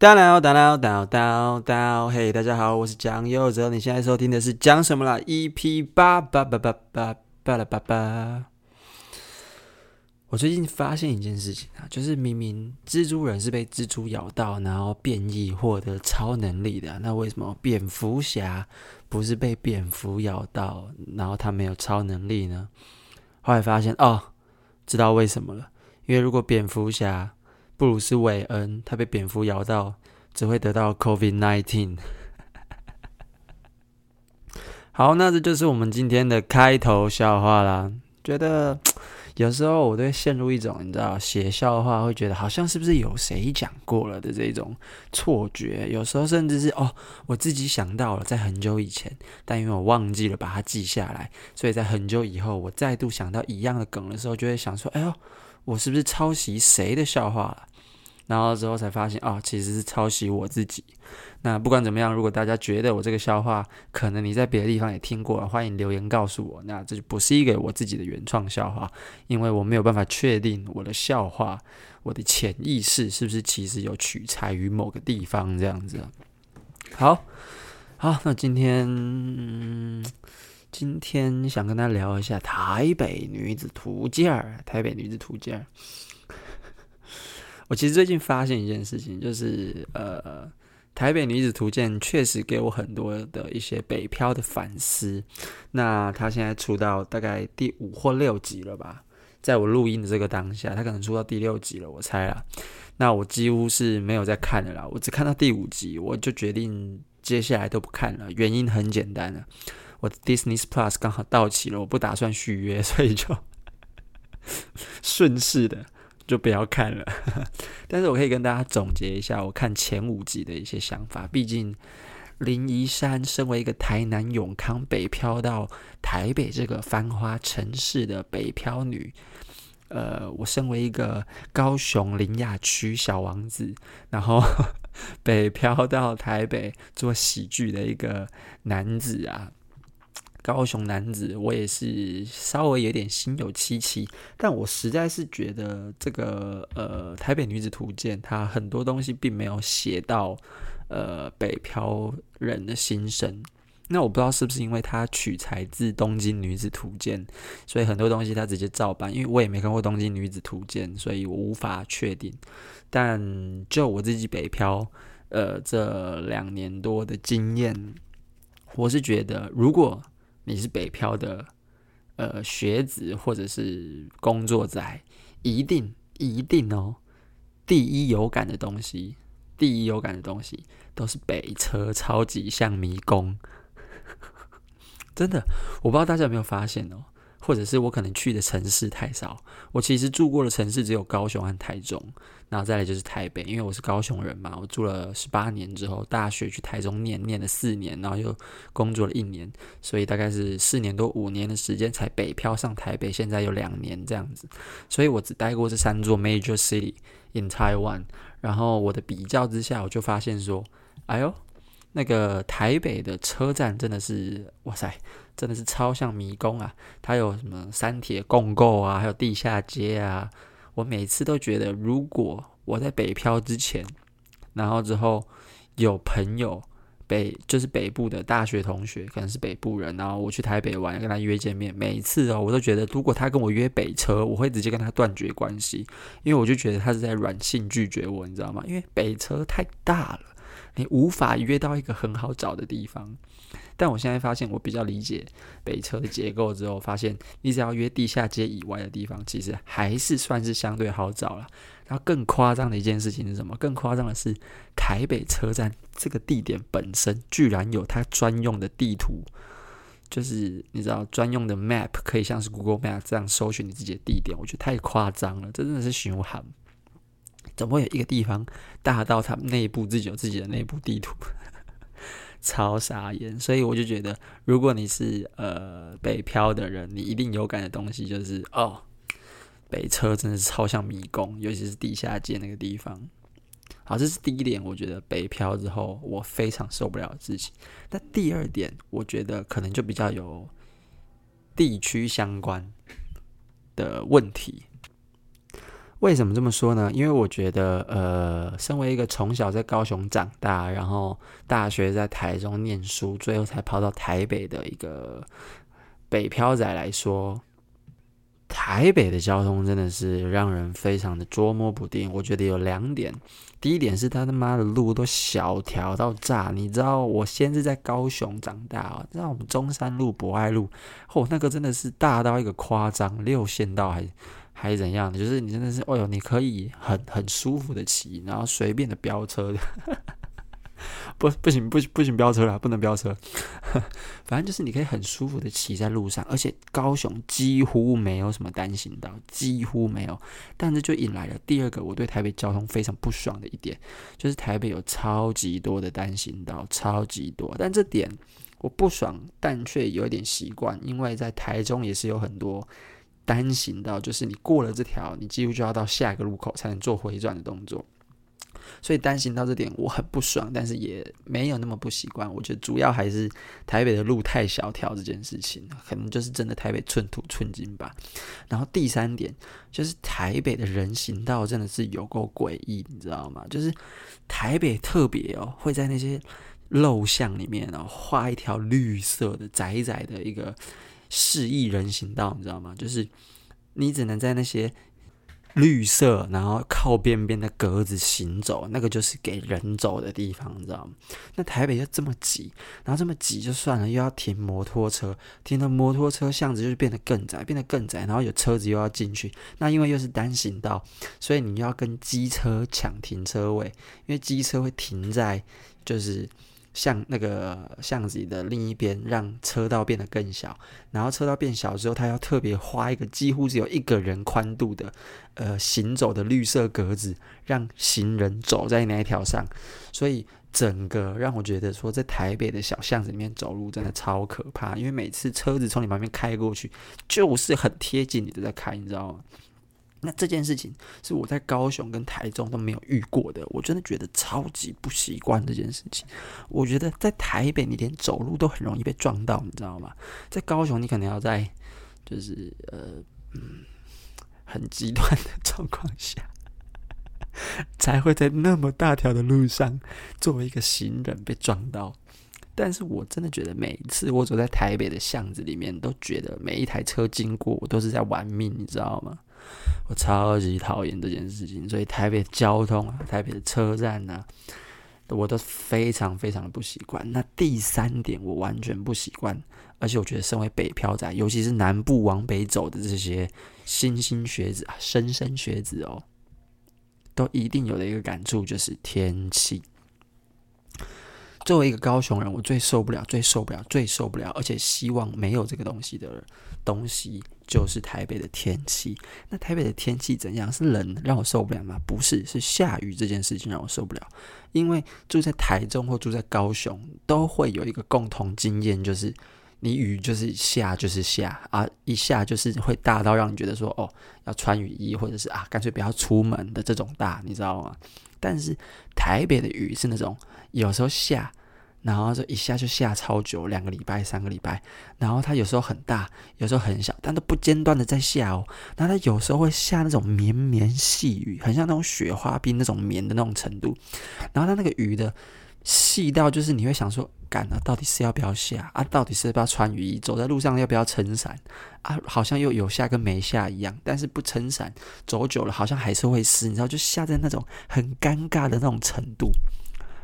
Down d o w 嘿， hey, 大家好，我是蔣佑哲，你現在收聽的是蔣什麼啦？EP 八八八八八八8八八。我最近發現一件事情啊，就是明明蜘蛛人是被蜘蛛咬到，然後變異獲得超能力的，那為什麼蝙蝠俠不是被蝙蝠咬到，然後他沒有超能力呢？後來發現哦，知道為什麼了，因為如果蝙蝠俠。布魯斯韋恩，他被蝙蝠咬到，只會得到 COVID-19。 好，那這就是我們今天的開頭笑話啦。覺得有時候我都會陷入一種，你知道，寫笑話會覺得好像是不是有誰講過了的這種錯覺。有時候甚至是哦，我自己想到了，在很久以前，但因為我忘記了把它記下來，所以在很久以後我再度想到一樣的梗的時候，就會想說，哎呦，我是不是抄襲誰的笑話了？然後之後才發現啊、哦，其實是抄襲我自己。那不管怎麼樣，如果大家覺得我這個笑話，可能你在別的地方也聽過，歡迎留言告訴我。那這就不是一個我自己的原創笑話，因為我沒有辦法確定我的笑話，我的潛意識是不是其實有取材於某個地方，這樣子。好，好，那今天、嗯，今天想跟大家聊一下台北女子圖鑑，台北女子圖鑑。我其實最近發現一件事情，就是呃，《台北女子圖鑑》確實給我很多的一些北漂的反思。那他現在出到大概第五或六集了吧？在我錄音的這個當下，他可能出到第六集了，我猜啦。那我幾乎是沒有再看了啦，我只看到第五集，我就決定接下來都不看了。原因很簡單了、啊，我 Disney Plus 剛好到期了，我不打算續約，所以就順 勢的。就不要看了，但是我可以跟大家總結一下，我看前五集的一些想法。畢竟，林怡珊身為一個台南永康北漂到台北這個繁華城市的北漂女，呃，我身為一個高雄苓雅區小王子，然後北漂到台北做喜劇的一個男子啊。高雄男子，我也是稍微有點心有戚戚，但我實在是覺得這個呃台北女子圖鑑，它很多東西並沒有寫到呃北漂人的心聲。那我不知道是不是因為他取材自東京女子圖鑑，所以很多東西他直接照搬，因為我也沒看過東京女子圖鑑，所以我無法確定。但就我自己北漂呃這兩年多的經驗，我是覺得如果。你是北漂的，呃，學子或者是工作仔，一定一定哦！第一有感的東西，第一有感的東西都是北車，超級像迷宮， 真的，我不知道大家有沒有發現哦。或者是我可能去的城市太少，我其實住過的城市只有高雄和台中，然後再來就是台北，因為我是高雄人嘛，我住了十八年之後，大學去台中念，念了四年，然後又工作了一年，所以大概是四年多五年的時間才北漂上台北，現在有兩年這樣子，所以我只待過這三座 major city in Taiwan，然後我的比較之下，我就發現說，哎喲，那個台北的車站真的是，哇塞！真的是超像迷宮啊！它有什麼三鐵共構啊，還有地下街啊。我每次都覺得，如果我在北漂之前，然後之後有朋友北，就是北部的大學同學，可能是北部人，然後我去台北玩，跟他約見面。每次哦，我都覺得，如果他跟我約北車，我會直接跟他斷絕關係，因為我就覺得他是在軟性拒絕我，你知道嗎？因為北車太大了，你無法約到一個很好找的地方。但我現在發現，我比較理解北車的結構之後，發現你只要約地下街以外的地方，其實還是算是相對好找了。然後更誇張的一件事情是什麼？更誇張的是，台北車站這個地點本身居然有它專用的地圖，就是你知道專用的 map 可以像是 Google Map 這樣搜尋你自己的地點，我覺得太誇張了，這真的是玄乎。怎麼會有一個地方大到它內部自己有自己的內部地圖？超傻眼，所以我就覺得，如果你是呃北漂的人，你一定有感的東西就是，哦，北車真的是超像迷宮，尤其是地下街那個地方。好，這是第一點，我覺得北漂之後我非常受不了自己。那第二點，我覺得可能就比較有地區相關的問題。為什麼這麼說呢？因為我覺得，呃，身為一個從小在高雄長大，然後大學在台中念書，最後才跑到台北的一個北漂仔來說，台北的交通真的是讓人非常的捉摸不定。我覺得有兩點，第一點是他他媽的路都小條到炸，你知道，我先是在高雄長大啊，知道我們中山路、博愛路，嚯、哦，那個真的是大到一個誇張，六線道還。還是怎樣的？就是你真的是，哦喲，你可以很很舒服的騎，然後隨便的飆車的 不，不行，不行，不行，飆車了，不能飆車。 反正就是你可以很舒服的騎在路上，而且高雄幾乎沒有什麼單行道，幾乎沒有。但是就引來了第二個我對台北交通非常不爽的一點，就是台北有超級多的單行道，超級多。但這點我不爽，但卻有一點習慣，因為在台中也是有很多。單行道就是你過了這條，你幾乎就要到下一個路口才能做回轉的動作。所以單行道這點我很不爽，但是也沒有那麼不習慣。我覺得主要還是台北的路太小條這件事情，可能就是真的台北寸土寸金吧。然後第三點就是台北的人行道真的是有夠詭異，你知道嗎？就是台北特別哦，會在那些陋巷裡面然、哦、後畫一條綠色的窄窄的一個。示意人行道，你知道嗎？就是你只能在那些綠色，然後靠邊邊的格子行走，那個就是給人走的地方，你知道嗎？那台北就這麼擠，然後這麼擠就算了，又要停摩托車，停到摩托車巷子就是變得更窄，變得更窄，然後有車子又要進去，那因為又是單行道，所以你又要跟機車搶停車位，因為機車會停在就是。像那個巷子裡的另一邊，讓車道變得更小，然後車道變小之後，他要特別花一個幾乎只有一個人寬度的呃行走的綠色格子，讓行人走在那一條上。所以整個讓我覺得說，在台北的小巷子裡面走路真的超可怕，因為每次車子從你旁邊開過去，就是很貼近你都在開，你知道嗎？那這件事情是我在高雄跟台中都沒有遇過的，我真的覺得超級不習慣這件事情。我覺得在台北你連走路都很容易被撞到，你知道嗎？在高雄你可能要在就是呃嗯很極端的狀況下，才會在那麼大條的路上作為一個行人被撞到。但是我真的覺得每一次我走在台北的巷子裡面，都覺得每一台車經過我都是在玩命，你知道嗎？我超級討厭這件事情，所以台北交通啊，台北的車站啊我都非常非常的不習慣。那第三點，我完全不習慣，而且我覺得身為北漂仔，尤其是南部往北走的這些莘莘學子、啊，莘莘學子哦，都一定有的一個感觸，就是天氣。作為一個高雄人，我最受不了，最受不了，最受不了，而且希望沒有這個東西的東西，就是台北的天氣。那台北的天氣怎樣？是冷讓我受不了嗎？不是，是下雨這件事情讓我受不了。因為住在台中或住在高雄都會有一個共同經驗，就是你雨就是下就是下啊，一下就是會大到讓你覺得說哦要穿雨衣，或者是啊乾脆不要出門的這種大，你知道嗎？但是台北的雨是那種，有時候下，然後就一下就下超久，兩個禮拜、三個禮拜，然後它有時候很大，有時候很小，但都不間斷的在下哦。然後它有時候會下那種綿綿細雨，很像那種雪花冰那種綿的那種程度。然後它那個雨的細到，就是你會想說，幹了、啊、到底是要不要下啊？到底是要不要穿雨衣？走在路上要不要撐傘啊？好像又有下跟沒下一樣，但是不撐傘走久了，好像還是會濕，你知道，就下在那種很尷尬的那種程度。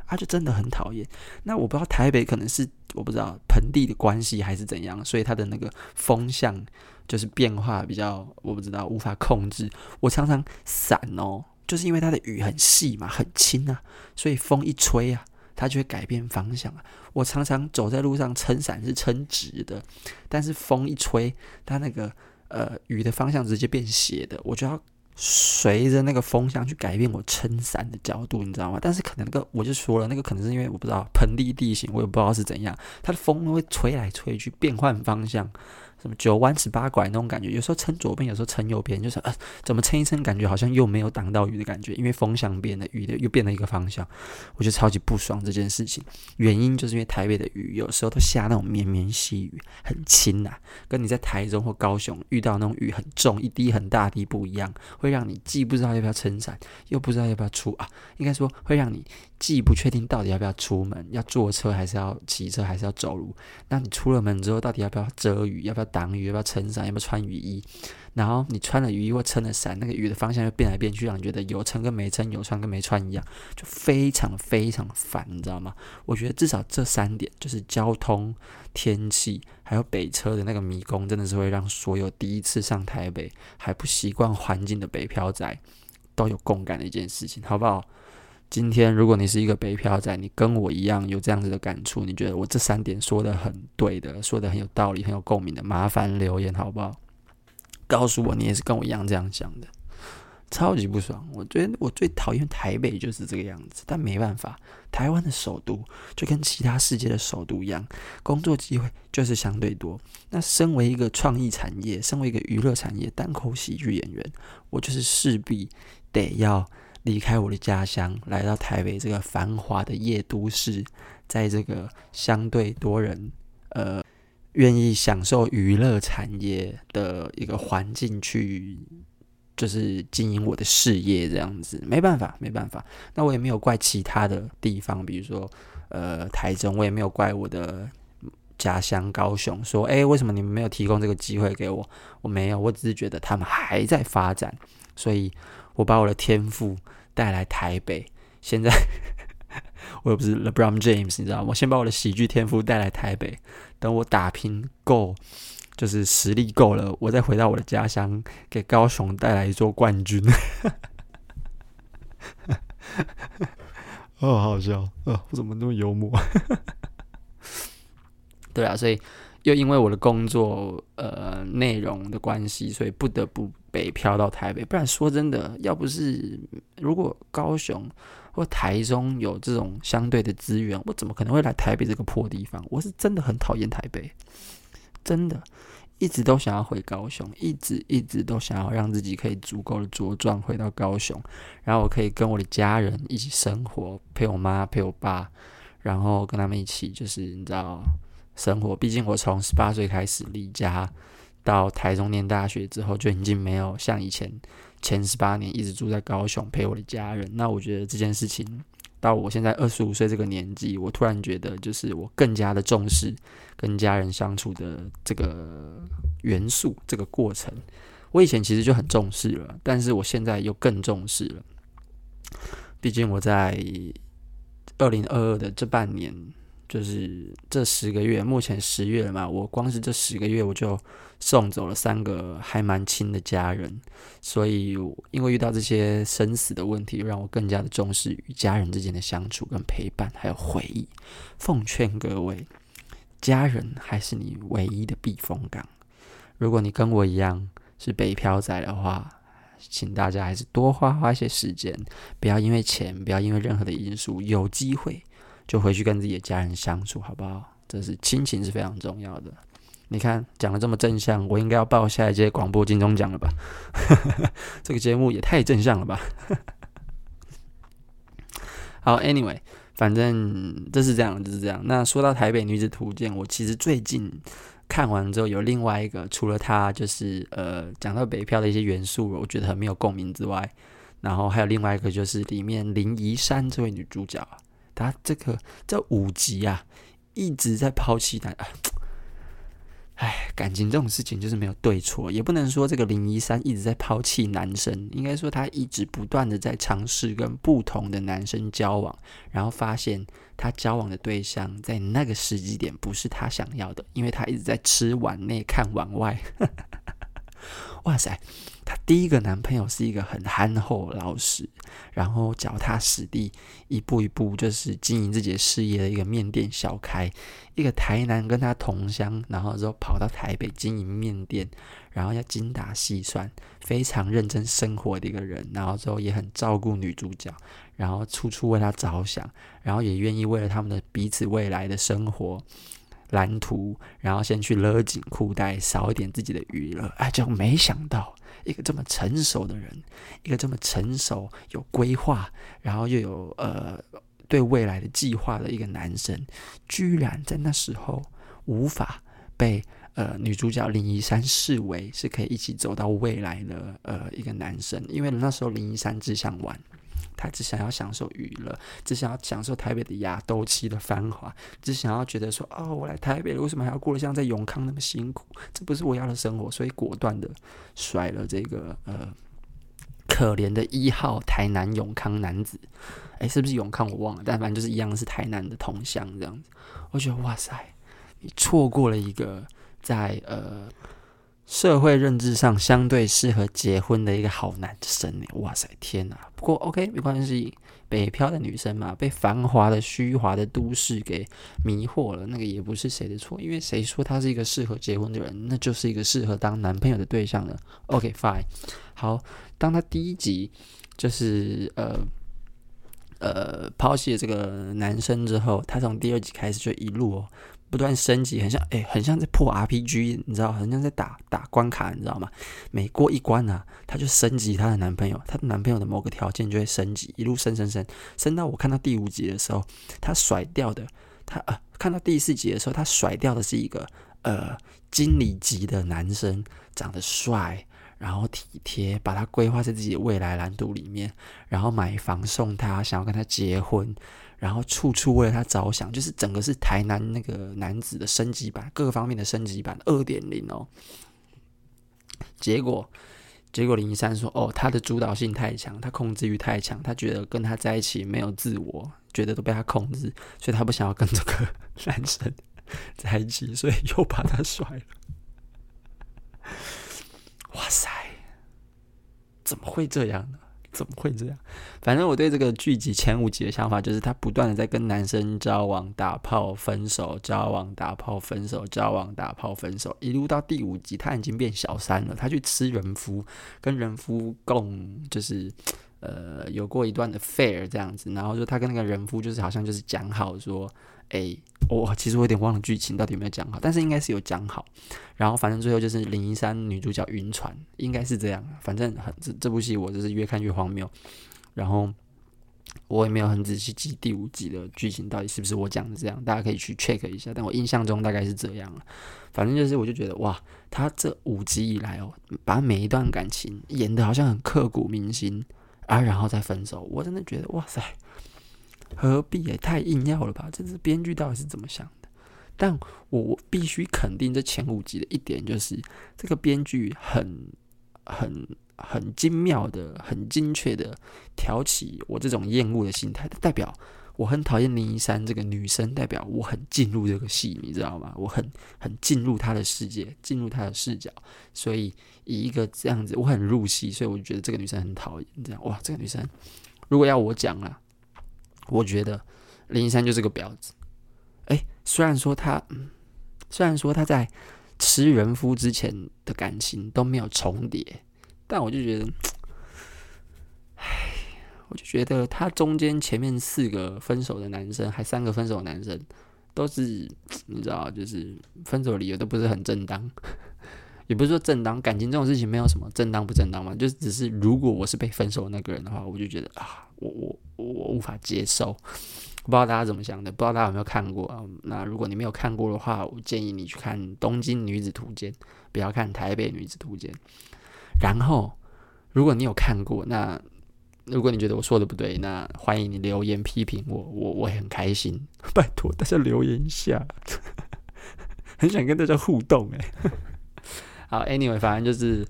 他、啊、就真的很討厭。那我不知道台北可能是我不知道盆地的關係還是怎樣，所以它的那個風向就是變化比較我不知道無法控制。我常常傘哦，就是因為它的雨很細嘛，很輕啊，所以風一吹啊，它就會改變方向啊。我常常走在路上撐傘是撐直的，但是風一吹，它那個呃雨的方向直接變斜的，我就要。隨着那個風向去改變我撐傘的角度，你知道嗎？但是可能那個，我就說了，那個可能是因為我不知道盆地地形，我也不知道是怎樣，它的風會吹來吹去，變換方向。什麼九彎十八拐那種感覺，有時候撐左邊，有時候撐右邊，就是呃，怎麼撐一撐，感覺好像又沒有擋到雨的感覺，因為風向變了，雨的又變了一個方向，我覺得超級不爽這件事情。原因就是因為台北的雨有時候都下那種綿綿細雨，很輕吶、啊，跟你在台中或高雄遇到那種雨很重，一滴很大滴不一樣，會讓你既不知道要不要撐傘，又不知道要不要出啊。應該說會讓你既不確定到底要不要出門，要坐車還是要騎車還是要走路。那你出了門之後，到底要不要遮雨，要不要？擋雨要不要撐傘？要不要穿雨衣？然後你穿了雨衣或撐了傘，那個雨的方向又變來變去，讓你覺得有撐跟沒撐、有穿跟沒穿一樣，就非常非常煩，你知道嗎？我覺得至少這三點就是交通、天氣，還有北車的那個迷宮，真的是會讓所有第一次上台北還不習慣環境的北漂仔都有共感的一件事情，好不好？今天，如果你是一個北漂仔，你跟我一樣有這樣子的感觸，你覺得我這三點說的很對的，說的很有道理，很有共鳴的，麻煩留言好不好？告訴我你也是跟我一樣這樣想的，超級不爽！我覺得我最討厭台北就是這個樣子，但沒辦法，台灣的首都就跟其他世界的首都一樣，工作機會就是相對多。那身為一個創意產業，身為一個娛樂產業，單口喜劇演員，我就是勢必得要。離開我的家鄉，來到台北這個繁華的夜都市，在這個相對多人呃願意享受娛樂產業的一個環境去，就是經營我的事業，這樣子沒辦法，沒辦法。那我也沒有怪其他的地方，比如說呃台中，我也沒有怪我的家鄉高雄，說欸，為什麼你們沒有提供這個機會給我？我沒有，我只是覺得他們還在發展，所以我把我的天賦。帶來台北，現在我又不是 LeBron James，你知道嗎？我先把我的喜劇天賦帶來台北，等我打拼夠，就是實力夠了，我再回到我的家鄉，給高雄帶來一座冠軍。哦，好笑，呃、哦，我怎麼那麼幽默？對啊，所以又因為我的工作呃內容的關係，所以不得不。北漂到台北，不然說真的，要不是如果高雄或台中有這種相對的資源，我怎麼可能會來台北這個破地方？我是真的很討厭台北，真的，一直都想要回高雄，一直一直都想要讓自己可以足夠的茁壯，回到高雄，然後我可以跟我的家人一起生活，陪我媽，陪我爸，然後跟他們一起就是你知道生活。畢竟我從十八歲開始離家。到台中念大學之後，就已經沒有像以前前十八年一直住在高雄陪我的家人。那我覺得這件事情到我現在二十五歲這個年紀，我突然覺得就是我更加的重視跟家人相處的這個元素，這個過程。我以前其實就很重視了，但是我現在又更重視了。畢竟我在二零二二的這半年，就是這十個月，目前十月了嘛，我光是這十個月我就送走了三個還蠻親的家人，所以因為遇到這些生死的問題，讓我更加的重視與家人之間的相處跟陪伴，還有回憶。奉勸各位，家人還是你唯一的避風港。如果你跟我一樣是北漂仔的話，請大家還是多花花一些時間，不要因為錢，不要因為任何的因素，有機會就回去跟自己的家人相處，好不好？這是親情是非常重要的。你看，講得這麼正向，我應該要報下一屆廣播金鐘獎了吧？ 這個節目也太正向了吧！ 好，anyway，反正就是這樣，就是這樣。那說到《台北女子圖鑑》，我其實最近看完之後，有另外一個，除了她就是呃，講到北漂的一些元素，我覺得很沒有共鳴之外，然後還有另外一個，就是裡面林怡珊這位女主角啊，她這個這五集啊，一直在拋棄她。啊唉，感情這種事情就是沒有對錯，也不能說這個林怡姍一直在拋棄男生，應該說他一直不斷的在嘗試跟不同的男生交往，然後發現他交往的對象在那個時機點不是他想要的，因為他一直在吃碗內看碗外， 哇塞！她第一個男朋友是一個很憨厚的老實，然後腳踏實地，一步一步就是經營自己的事業的一個麵店小開，一個台南跟他同鄉，然後之後跑到台北經營麵店，然後要精打細算，非常認真生活的一個人，然後之後也很照顧女主角，然後處處為她着想，然後也願意為了他們的彼此未來的生活，藍圖，然後先去勒緊褲帶，少一點自己的娛樂。哎、啊，就沒想到，一個這麼成熟的人，一個這麼成熟、有規劃，然後又有呃對未來的計劃的一個男生，居然在那時候無法被呃女主角林怡姍視為是可以一起走到未來的呃一個男生。因為那時候林怡姍只想玩。他只想要享受娛樂，只想要享受台北的牙都期的繁華，只想要覺得說，哦，我來台北了，為什麼還要過得像在永康那麼辛苦？這不是我要的生活，所以果斷的甩了這個呃可憐的一號台南永康男子。誒、欸，是不是永康我忘了，但反正就是一樣是台南的同鄉這樣子。我覺得哇塞，你錯過了一個在呃。社會認知上相對適合結婚的一個好男生誒，哇塞，天啊！不過 OK 沒關係，北漂的女生嘛，被繁華的虛華的都市給迷惑了，那個也不是誰的錯。因為誰說他是一個適合結婚的人，那就是一個適合當男朋友的對象了。OK fine，好，當他第一集就是呃呃拋棄了這個男生之後，他從第二集開始就一路哦。不斷升級，很像誒、欸，很像在破 RPG，你知道，很像在打打關卡，你知道嗎？每過一關呢、啊，他就升級他的男朋友，他男朋友的某個條件就會升級，一路升升升，升到我看到第五集的時候，他甩掉的，他啊、呃，看到第四集的時候，他甩掉的是一個呃經理級的男生，長得帥，然後體貼，把他規劃在自己的未來藍圖裡面，然後買房送他，想要跟他結婚。然後處處為了他着想，就是整個是台南那個男子的升級版，各個方面的升級版二點零哦。結果，結果林一山說：“哦，他的主導性太強，他控制欲太強，他覺得跟他在一起沒有自我，覺得都被他控制，所以他不想要跟這個男生在一起，所以又把他甩了。”哇塞，怎麼會這樣呢？怎麼會這樣？反正我對這個劇集前五集的想法就是，他不斷的在跟男生交往、打炮、分手、交往、打炮、分手、交往、打炮、分手，一路到第五集，他已經變小三了。他去吃人夫，跟人夫共，就是呃，有過一段的 fair 這樣子。然後就他跟那個人夫，就是好像就是講好說。哎，我、哦、其實我有點忘了劇情到底有沒有講好，但是應該是有講好。然後反正最後就是林一山女主角暈船，應該是這樣。反正很這，這部戲我就是越看越荒謬。然後我也沒有很仔細記第五集的劇情到底是不是我講的這樣，大家可以去 check 一下。但我印象中大概是這樣。反正就是我就覺得哇，他這五集以來哦，把每一段感情演得好像很刻骨銘心啊，然後再分手，我真的覺得哇塞。何必也太硬要了吧？這只編劇到底是怎麼想的？但我必須肯定這前五集的一點就是，這個編劇很、很、很精妙的、很精確的挑起我這種厭惡的心態。代表我很討厭林怡姍這個女生，代表我很進入這個戲，你知道嗎？我很、很進入她的世界，進入她的視角，所以以一個這樣子，我很入戲，所以我就覺得這個女生很討厭。這樣哇，這個女生如果要我講啦。我覺得林怡姍就是個婊子。哎、欸，雖然說他、嗯，雖然說他在吃人夫之前的感情都沒有重疊，但我就覺得，哎，我就覺得他中間前面四個分手的男生，還三個分手的男生，都是你知道，就是分手的理由都不是很正當呵呵，也不是說正當，感情這種事情沒有什麼正當不正當嘛，就只是如果我是被分手那個人的話，我就覺得啊，我我。我無法接受，我不知道大家怎麼想的，不知道大家有沒有看過啊？那如果你沒有看過的話，我建議你去看《東京女子圖鑑》，不要看《台北女子圖鑑》。然後，如果你有看過，那如果你覺得我說的不對，那歡迎你留言批評我，我我也很開心。拜託大家留言一下， 很想跟大家互動誒， 好，Anyway，反正就是。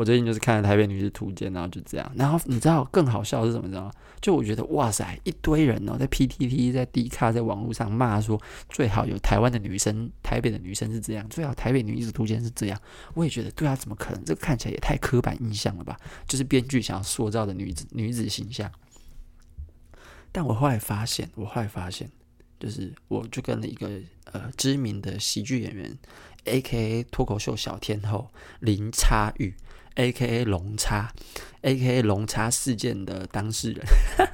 我最近就是看了《台北女子圖鑑》，然後就這樣。然後你知道更好笑是什麼嗎？就我覺得哇塞，一堆人哦、喔，在 PTT、在 D 卡、在網絡上罵說，最好有台灣的女生，台北的女生是這樣，最好台北女子圖鑑是這樣。我也覺得對啊，怎麼可能？這個看起來也太刻板印象了吧？就是編劇想要塑造的女子女子形象。但我後來發現，我後來發現，就是我就跟了一個呃知名的喜劇演員，A.K.A. 脫口秀小天后林差玉。A K A 龍叉，A K A 龍叉事件的當事人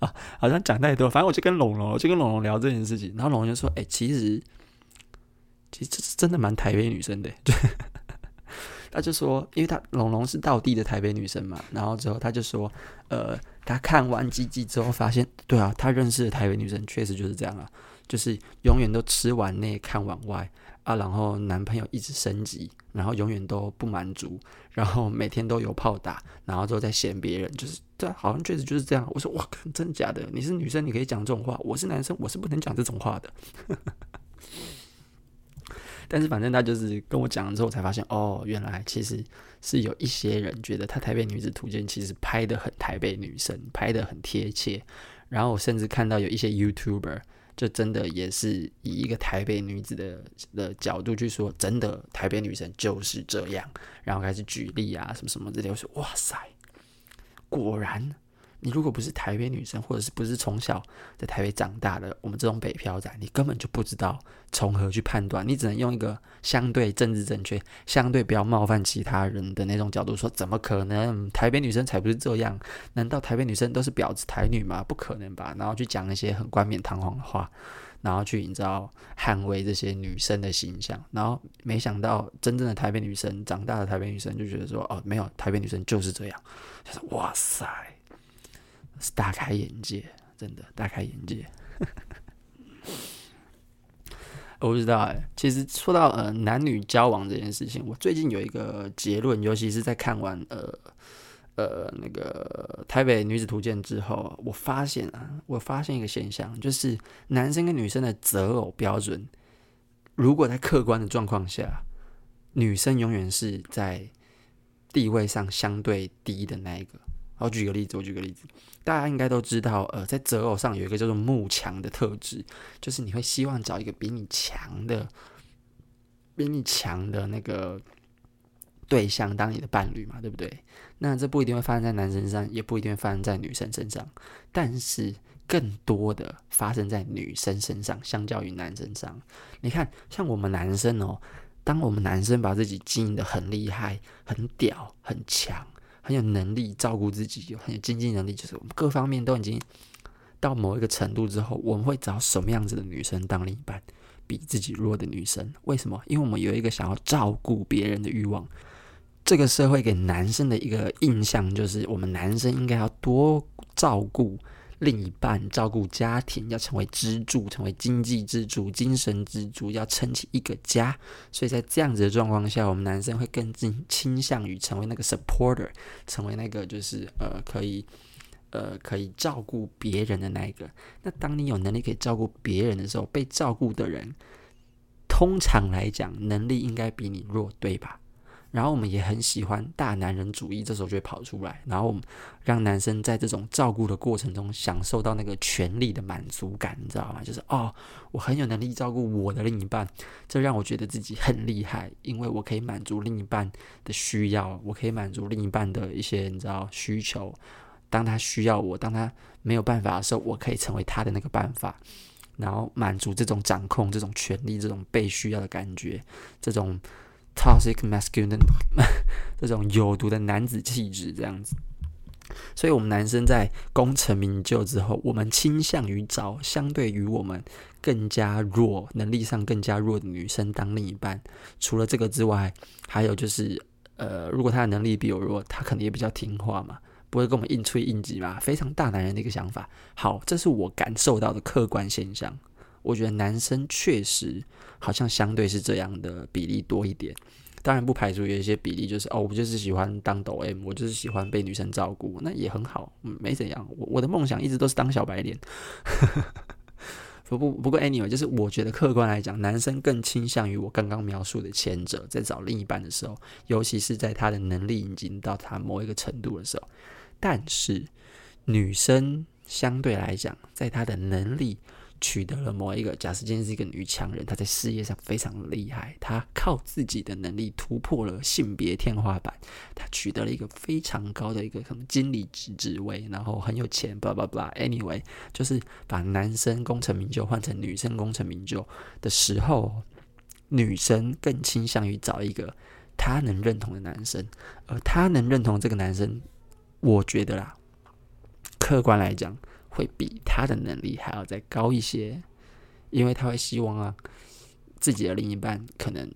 啊、 哦，好像講太多，反正我就跟龍龍，我就跟龍龍聊這件事情，然後龍龍就說：“哎、欸，其實其實這是真的蠻台北女生的。對” 他就說：“因為他龍龍是道地的台北女生嘛，然後之後他就說：‘呃，他看完 G G 之後發現，對啊，他認識的台北女生確實就是這樣啊，就是永遠都吃碗內，看碗外。”啊，然後男朋友一直升級，然後永遠都不滿足，然後每天都有炮打，然後之後再嫌別人，就是對，好像確實就是這樣。我說哇，真假的？你是女生，你可以講這種話，我是男生，我是不能講這種話的。 但是反正他就是跟我講了之後，才發現哦，原來其實是有一些人覺得他《台北女子圖鑑》其實拍得很台北女生，拍得很貼切。然後我甚至看到有一些 YouTuber。這真的也是以一個台北女子的的角度去說，真的台北女神就是這樣，然後開始舉例啊，什麼什麼之類，我說哇塞，果然。你如果不是台北女生，或者是不是從小在台北長大的，我們這種北漂仔，你根本就不知道從何去判斷。你只能用一個相對政治正確、相對不要冒犯其他人的那種角度說，怎麼可能台北女生才不是這樣？難道台北女生都是婊子台女嗎？不可能吧？然後去講一些很冠冕堂皇的話，然後去營造捍衛這些女生的形象，然後沒想到真正的台北女生，長大的台北女生就覺得說，哦，沒有，台北女生就是這樣，就說哇塞。是大開眼界，真的大開眼界。 我不知道哎，其實說到呃男女交往這件事情，我最近有一個結論，尤其是在看完呃呃那個《台北女子圖鑑》之後，我發現啊，我發現一個現象，就是男生跟女生的擇偶標準，如果在客觀的狀況下，女生永遠是在地位上相對低的那一個。我舉個例子，我舉個例子，大家應該都知道，呃，在擇偶上有一個叫做慕強的特質，就是你會希望找一個比你強的、比你強的那個對象當你的伴侶嘛，對不對？那這不一定會發生在男生身上，也不一定會發生在女生身上，但是更多的發生在女生身上，相較於男生身上。你看，像我們男生哦，當我們男生把自己經營的很厲害、很屌、很強。很有能力照顧自己，有很有經濟能力，就是我們各方面都已經到某一個程度之後，我們會找什麼樣子的女生當另一半？比自己弱的女生？為什麼？因為我們有一個想要照顧別人的慾望。這個社會給男生的一個印象就是，我們男生應該要多照顧。另一半照顧家庭，要成為支柱，成為經濟支柱、精神支柱，要撐起一個家。所以在這樣子的狀況下，我們男生會更傾向於成為那個 supporter，成為那個就是呃，可以呃可以照顧別人的那一個。那當你有能力可以照顧別人的時候，被照顧的人通常來講能力應該比你弱，對吧？然後我們也很喜歡大男人主義，這時候就會跑出來。然後我們讓男生在這種照顧的過程中，享受到那個權力的滿足感，你知道嗎？就是哦，我很有能力照顧我的另一半，這讓我覺得自己很厲害，因為我可以滿足另一半的需要，我可以滿足另一半的一些你知道需求。當他需要我，當他沒有辦法的時候，我可以成為他的那個辦法，然後滿足這種掌控、這種權力、這種被需要的感覺，這種。Toxic masculine，這種有毒的男子氣質，這樣子。所以，我們男生在功成名就之後，我們傾向於找相對於我們更加弱、能力上更加弱的女生當另一半。除了這個之外，還有就是，呃，如果他的能力比我弱，他可能也比較聽話嘛，不會跟我們硬吹硬擠嘛。非常大男人的一個想法。好，這是我感受到的客觀現象。我覺得男生確實。好像相對是這樣的比例多一點，當然不排除有一些比例就是哦，我就是喜歡當抖 M，我就是喜歡被女生照顧，那也很好，嗯，沒怎樣。我我的夢想一直都是當小白臉。 不不，不過 anyway，就是我覺得客觀來講，男生更傾向於我剛剛描述的前者，在找另一半的時候，尤其是在他的能力已經到他某一個程度的時候。但是女生相對來講，在她的能力。取得了某一個，假設今天是一個女強人，她在事業上非常厲害，她靠自己的能力突破了性別天花板，她取得了一個非常高的一個什麼經理職職位，然後很有錢，巴拉巴拉。Anyway，就是把男生功成名就換成女生功成名就的時候，女生更傾向於找一個她能認同的男生，而她能認同這個男生，我覺得啦，客觀來講。會比他的能力還要再高一些，因為他會希望啊，自己的另一半可能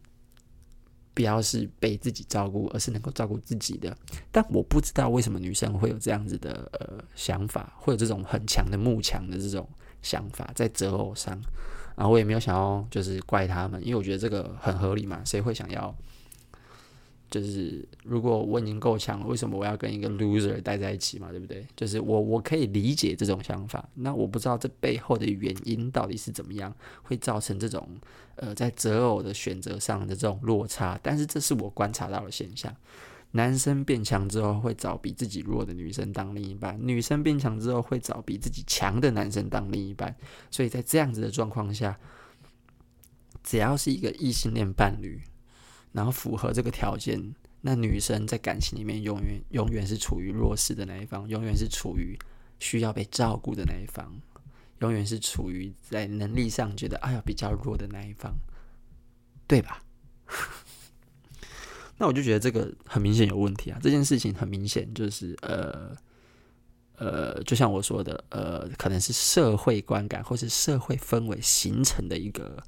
不要是被自己照顧，而是能夠照顧自己的。但我不知道為什麼女生會有這樣子的呃想法，會有這種很強的慕強的這種想法在擇偶上。然後我也沒有想要就是怪他們，因為我覺得這個很合理嘛，誰會想要？就是如果我已經夠強了，為什麼我要跟一個 loser 待在一起嘛？對不對？就是我我可以理解這種想法，那我不知道這背後的原因到底是怎麼樣，會造成這種呃在擇偶的選擇上的這種落差。但是這是我觀察到的現象：男生變強之後會找比自己弱的女生當另一半，女生變強之後會找比自己強的男生當另一半。所以在這樣子的狀況下，只要是一個異性戀伴侶。然後符合這個條件，那女生在感情裡面永遠永遠是處於弱勢的那一方，永遠是處於需要被照顧的那一方，永遠是處於在能力上覺得哎呀比較弱的那一方，對吧？ 那我就覺得這個很明顯有問題啊！這件事情很明顯就是呃呃，就像我說的，呃，可能是社會觀感或是社會氛圍形成的一個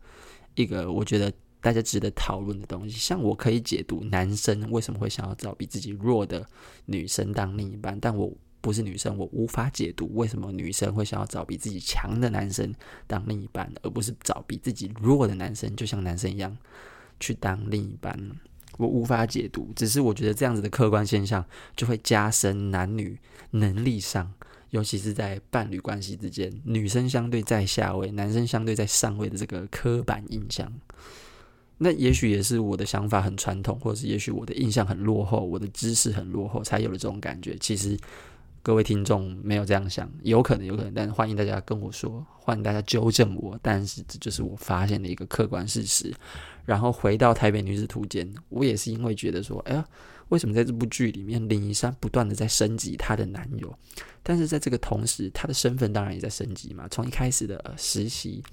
一個，我覺得。大家值得討論的東西，像我可以解讀男生為什麼會想要找比自己弱的女生當另一半，但我不是女生，我無法解讀為什麼女生會想要找比自己強的男生當另一半，而不是找比自己弱的男生，就像男生一樣去當另一半。我無法解讀，只是我覺得這樣子的客觀現象就會加深男女能力上，尤其是在伴侶關係之間，女生相對在下位，男生相對在上位的這個刻板印象。那也許也是我的想法很傳統，或者是也許我的印象很落後，我的知識很落後，才有了這種感覺。其實各位聽眾沒有這樣想，有可能，有可能，但歡迎大家跟我說，歡迎大家糾正我。但是這就是我發現的一個客觀事實。然後回到《台北女子圖鑑》，我也是因為覺得說，哎呀，為什麼在這部劇裡面林一山不斷地在升級她的男友，但是在這個同時，她的身份當然也在升級嘛，從一開始的實習。呃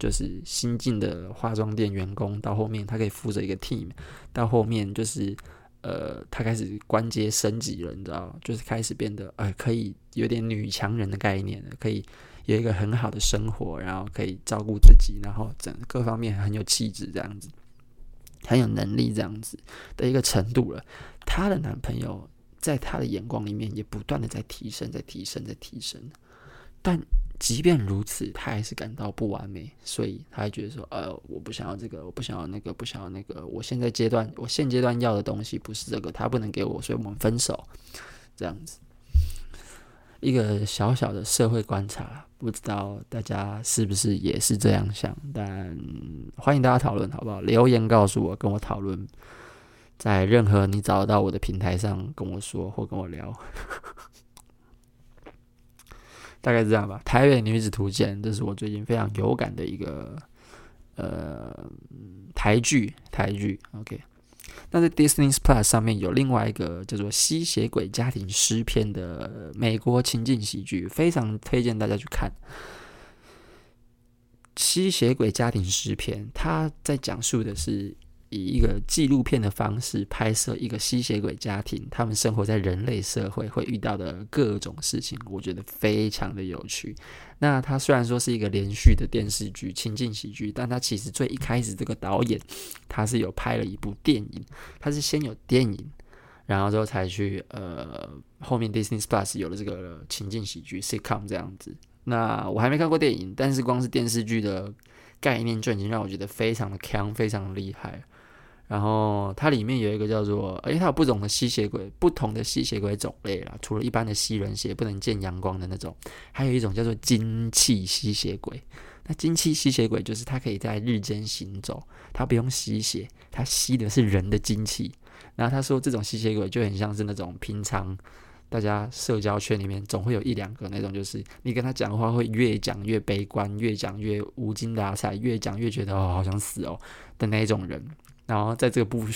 就是新進的化妝店員工，到後面他可以負責一個 team，到後面就是呃，他開始關節升級了，你知道，就是開始變得呃，可以有點女強人的概念了，可以有一個很好的生活，然後可以照顧自己，然後整個各方面很有氣質，這樣子，很有能力這樣子的一個程度了。她的男朋友在她的眼光裡面，也不斷的在提升，在提升，在提升，但。即便如此，他還是感到不完美，所以他還覺得說：“哎、呃、我不想要這個，我不想要那個，不想要那個。我現在階段，我現階段要的東西不是這個，他不能給我，所以我們分手。”這樣子，一個小小的社會觀察，不知道大家是不是也是這樣想？但歡迎大家討論，好不好？留言告訴我，跟我討論，在任何你找到我的平台上跟我說或跟我聊。大概是這樣吧，《台北女子圖鑑》這是我最近非常有感的一個呃台劇，台劇 OK。那在 Disney Plus 上面有另外一個叫做《吸血鬼家庭詩篇》的美國情景喜劇，非常推薦大家去看。《吸血鬼家庭詩篇》，它在講述的是。以一個紀錄片的方式拍攝一個吸血鬼家庭，他們生活在人類社會會遇到的各種事情，我覺得非常的有趣。那它雖然說是一個連續的電視劇、情境喜劇，但它其實最一開始這個導演他是有拍了一部電影，他是先有電影，然後之後才去呃後面 Disney Plus 有了這個情境喜劇 sitcom 這樣子。那我還沒看過電影，但是光是電視劇的概念就已經讓我覺得非常的強，非常的厲害。然後它裡面有一個叫做，誒，他它有不同的吸血鬼，不同的吸血鬼種類啦。除了一般的吸人血，不能見陽光的那種，還有一種叫做精氣吸血鬼。那精氣吸血鬼就是他可以在日間行走，他不用吸血，他吸的是人的精氣。然後他說，這種吸血鬼就很像是那種平常大家社交圈裡面總會有一兩個那種，就是你跟他講話會越講越悲觀，越講越無精打采，越講越覺得哦好想死哦的那一種人。然後在這個部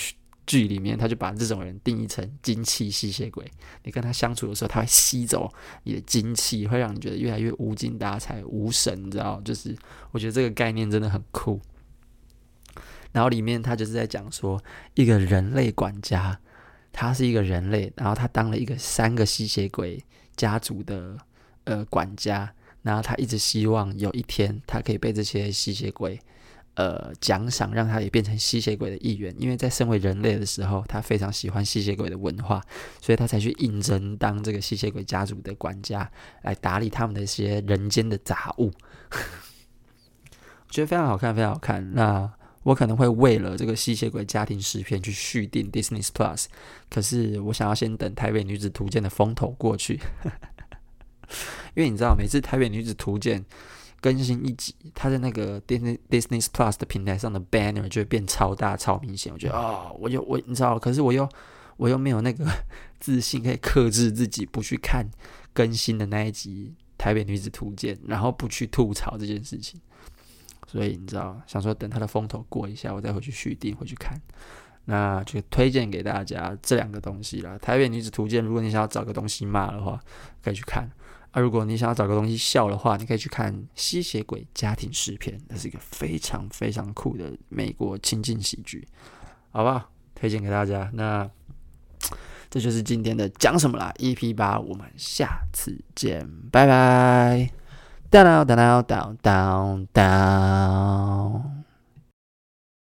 劇裡面，他就把這種人定義成精氣吸血鬼。你跟他相處的時候，他會吸走你的精氣，會讓你覺得越來越無精打采、無神，你知道？就是我覺得這個概念真的很酷。然後裡面他就是在講說，一個人類管家，他是一個人類，然後他當了一個三個吸血鬼家族的呃管家，然後他一直希望有一天他可以被這些吸血鬼。呃，獎賞讓他也變成吸血鬼的一員，因為在身為人類的時候，他非常喜歡吸血鬼的文化，所以他才去應徵當這個吸血鬼家族的管家，來打理他們的一些人間的雜物。 我覺得非常好看，非常好看。那我可能會為了這個吸血鬼家庭屍篇去續訂 Disney Plus，可是我想要先等《台北女子圖鑑》的風頭過去， 因為你知道，每次《台北女子圖鑑》。更新一集，他在那個 Disney, Disney Disney Plus 的平台上的 Banner 就會變超大，超明顯。我覺得啊、哦，我又我你知道，可是我又我又沒有那個自信可以克制自己不去看更新的那一集《台北女子圖鑑》，然後不去吐槽這件事情。所以你知道，想說等他的風頭過一下，我再回去續訂回去看。那就推薦給大家這兩個東西啦，《台北女子圖鑑》。如果你想要找個東西罵的話，可以去看。啊、如果你想要找個東西笑的話，你可以去看《吸血鬼家庭屍篇》，那是一個非常非常酷的美國情景喜劇，好不好？推薦給大家。那這就是今天的蔣什麼啦，EP 八，我們下次見，拜拜！噠啦噠啦噠噠噠。